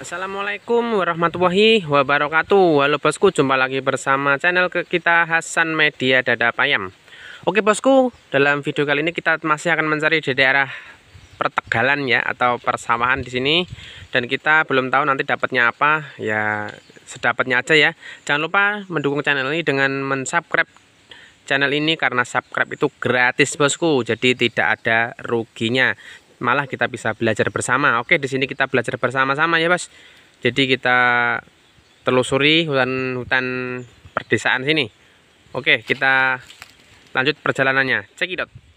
Assalamualaikum warahmatullahi wabarakatuh Halo bosku, jumpa lagi bersama channel kita Hasan Media Dada Payam Oke bosku, dalam video kali ini kita masih akan mencari di daerah pertegalan ya Atau persawahan di sini Dan kita belum tahu nanti dapatnya apa Ya sedapatnya aja ya Jangan lupa mendukung channel ini dengan mensubscribe channel ini karena subscribe itu gratis bosku jadi tidak ada ruginya malah kita bisa belajar bersama. Oke, di sini kita belajar bersama-sama ya, Bos. Jadi kita telusuri hutan-hutan perdesaan sini. Oke, kita lanjut perjalanannya. Cekidot.